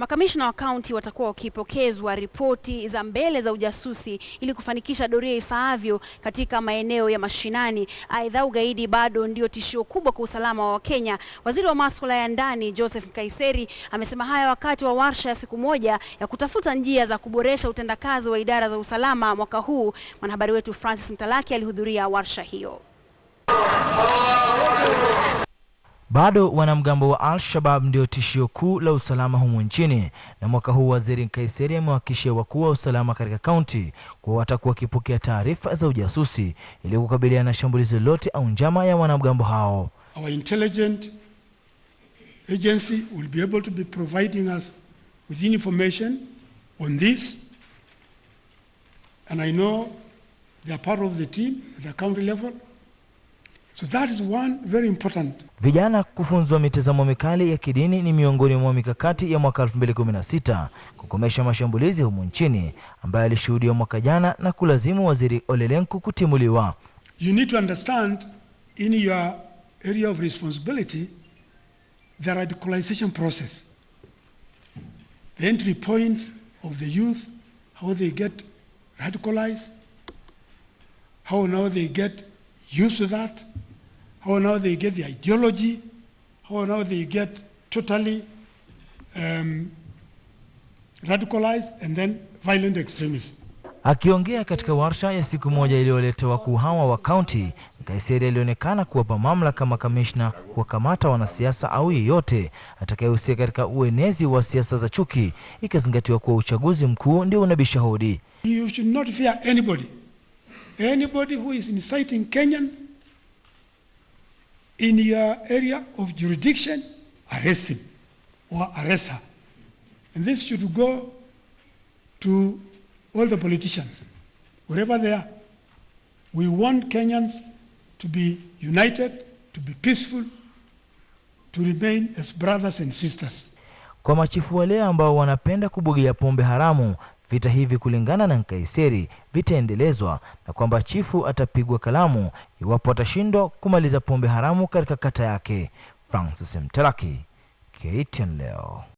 Makamishna wa kaunti watakuwa wakipokezwa ripoti za mbele za ujasusi ili kufanikisha doria ifaavyo katika maeneo ya mashinani. Aidha, ugaidi bado ndio tishio kubwa kwa usalama wa Wakenya. Waziri wa masuala ya ndani Joseph Nkaiseri amesema haya wakati wa warsha ya siku moja ya kutafuta njia za kuboresha utendakazi wa idara za usalama mwaka huu. Mwanahabari wetu Francis Mtalaki alihudhuria warsha hiyo. Bado wanamgambo wa Al-Shabab ndio tishio kuu la usalama humu nchini, na mwaka huu Waziri Nkaiseri amewahakikishia wakuu wa usalama katika kaunti kuwa watakuwa wakipokea taarifa za ujasusi ili kukabiliana na shambulizi lolote au njama ya wanamgambo hao. Our agency will be able to be providing us with information on this and I know they are part of the team at the county level So that is one very important. Vijana kufunzwa mitazamo mikali ya kidini ni miongoni mwa mikakati ya mwaka 2016 kukomesha mashambulizi humu nchini ambayo yalishuhudiwa mwaka jana na kulazimu Waziri Ole Lenku kutimuliwa. You need to understand in your area of responsibility the radicalization process. The entry point of the youth, how they get radicalized, how now they get used to that how now they get the ideology, how now they get totally um, radicalized and then violent extremists. Akiongea katika warsha ya siku moja iliyoleta wakuu hawa wa kaunti, Kaiseri alionekana kuwapa mamlaka makamishna kuwakamata wanasiasa au yeyote atakayehusika katika uenezi wa siasa za chuki, ikizingatiwa kuwa uchaguzi mkuu ndio unabisha hodi. You should not fear anybody. Anybody who is inciting Kenyan in your area of jurisdiction, arrest him or arrest her. And this should go to all the politicians, wherever they are. We want Kenyans to be united, to be peaceful, to remain as brothers and sisters. Kwa machifu wale ambao wanapenda kubugia pombe haramu Vita hivi kulingana na Nkaiseri vitaendelezwa na kwamba chifu atapigwa kalamu iwapo atashindwa kumaliza pombe haramu katika kata yake. Francis Mtalaki, KTN leo.